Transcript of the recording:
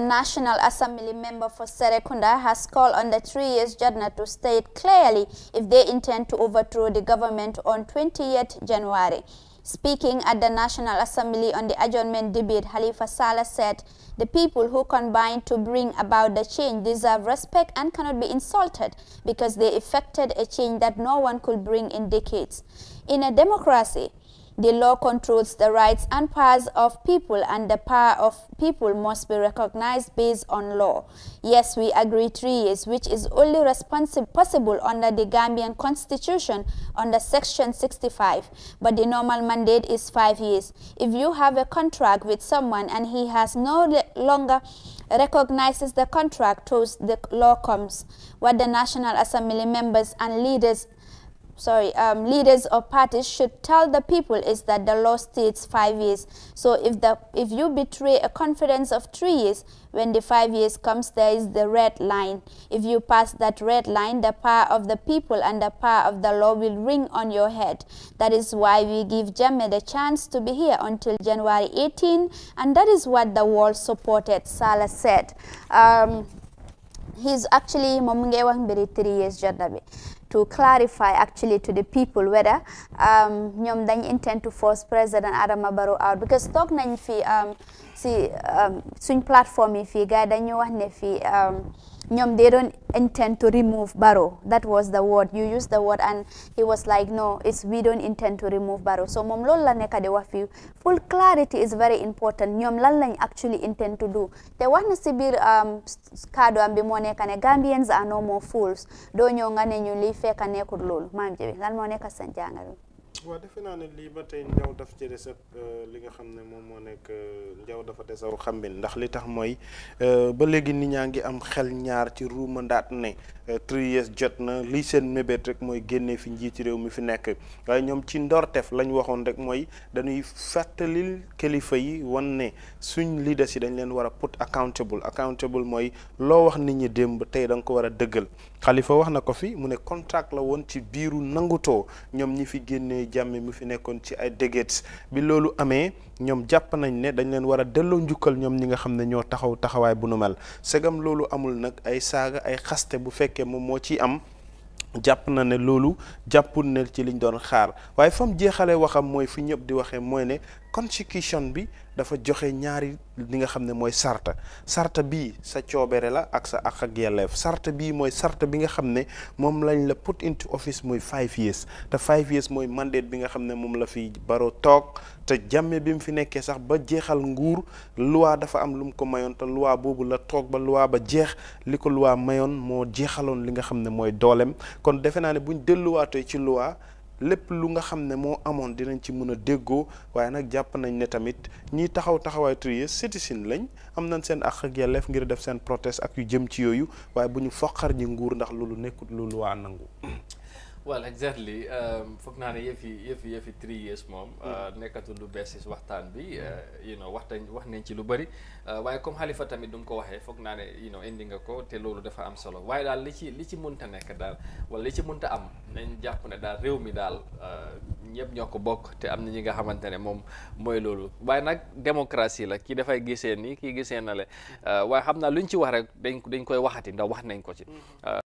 National Assembly member for Serekunda has called on the three years Jadna to state clearly if they intend to overthrow the government on 28 January. Speaking at the National Assembly on the adjournment debate, Halifa Saleh said, the people who combined to bring about the change deserve respect and cannot be insulted because they effected a change that no one could bring in decades. In a democracy, the law controls the rights and powers of people and the power of people must be recognized based on law. Yes, we agree three years, which is only possible under the Gambian constitution under section 65, but the normal mandate is five years. If you have a contract with someone and he has no longer recognizes the contract towards the law comes, what the National Assembly members and leaders sorry, um, leaders or parties should tell the people is that the law states five years. So if the if you betray a confidence of three years, when the five years comes, there is the red line. If you pass that red line, the power of the people and the power of the law will ring on your head. That is why we give Jamme the chance to be here until January 18, and that is what the world supported, Salah said. Um, he's actually Momungewa Mbiri three years Jadabe to clarify actually to the people whether um um, dañ intend to force President Adama Barrow out because toog nañ fi um, si um, suñ plateforme yi fii gars yi dañu wax ne fii um, ñoom they don't intend to remove Barrow that was the word you used the word and he was like no it's we don't intend to remove Barrow so moom lola, neka de di full clarity is very important ñoom lala. actually intend to do They want to si biir kàddu am bi moo Gambians are no more fools doo ñëw nga ne ñu fekk nekkul loolu maam Jabi lan moo nekk sa njàngal waaw defe naa ne lii ba tey njaw daf cere des euh, li nga xam ne moom moo nekk euh, njaw dafa desaw xambin ndax li tax mooy euh, ba léegi nit ñaa ngi am xel ñaar ci ruuma ndaat ne trois years jot na lii seen mébét rek mooy génnee fi njiiti réew mi fi nekk waaye ñoom ci ndortef lañ waxoon rek mooy dañuy fàttalil kilifa yi wan ne suñ des yi dañ leen war a put accountable accountable mooy loo wax nit ñi démb tey da nga ko war a dëggal xalifa wax na ko fi mu ne contract la woon ci biiru nangutoo jàmme mu fi nekkoon ci ay dégeet bi loolu amee ñoom jàpp nañ ne dañ leen war a delloo njukkal ñoom ñi nga xam ne ñoo taxaw taxawaay bu nu mel segam loolu amul nag ay saaga ay xaste bu fekkee moom moo ciy am jàpp na ne loolu jàppul ne ci liñ doon xaar waaye fam jeexale waxam mooy fi ñëpp di waxee mooy ne constitution bi dafa joxe ñaari li nga xam ne mooy sarta sarta bi sa coobere la ak sa ak ak yelleef sarta bii mooy sarta bi nga xam ne moom lañ la put into office muy five years te five mooy mandate bi nga xam ne moom la fi baro toog te jàmme bi mu fi nekkee sax ba jeexal nguur luwaa dafa am lu mu ko mayoon te loi boobu la toog ba luwaa ba jeex li ko luwaa mayoon moo jeexaloon li nga xam ne mooy dooleem kon defe naa ne buñ delluwaatee ci loi lépp lu nga xam ne moo amoon dinañ ci mën a déggoo waaye nag jàpp nañ ne tamit ñiy taxaw taxawaay trier citizen lañ am nañ seen àq ak yelleef ngir def seen proteste ak yu jëm ci yooyu waaye bu ñu foqar ñi nguur ndax lu lu nekkul lu lu waa nangu well exactly um, foog naa ne yëfi yëfi yëfi three years moom hmm. uh, nekkatul lu bees si waxtaan bi uh, you know waxtaan wax nañ ci lu bëri uh, waaye comme Halifa tamit du ko waxee foog naa ne you indi nga ko te loolu dafa am solo waaye daal li ci li ci mënta nekk daal wala li ci mënta am nañ jàpp ne daal réew mi daal ñëpp ñoo ko bokk te am na ñi nga xamante ne moom mooy loolu waaye nag démocratie la kii dafay gisee nii kii gisee na le waaye xam naa luñ ci wax rek dañ dañ koy waxati ndaw wax nañ ko ci hmm.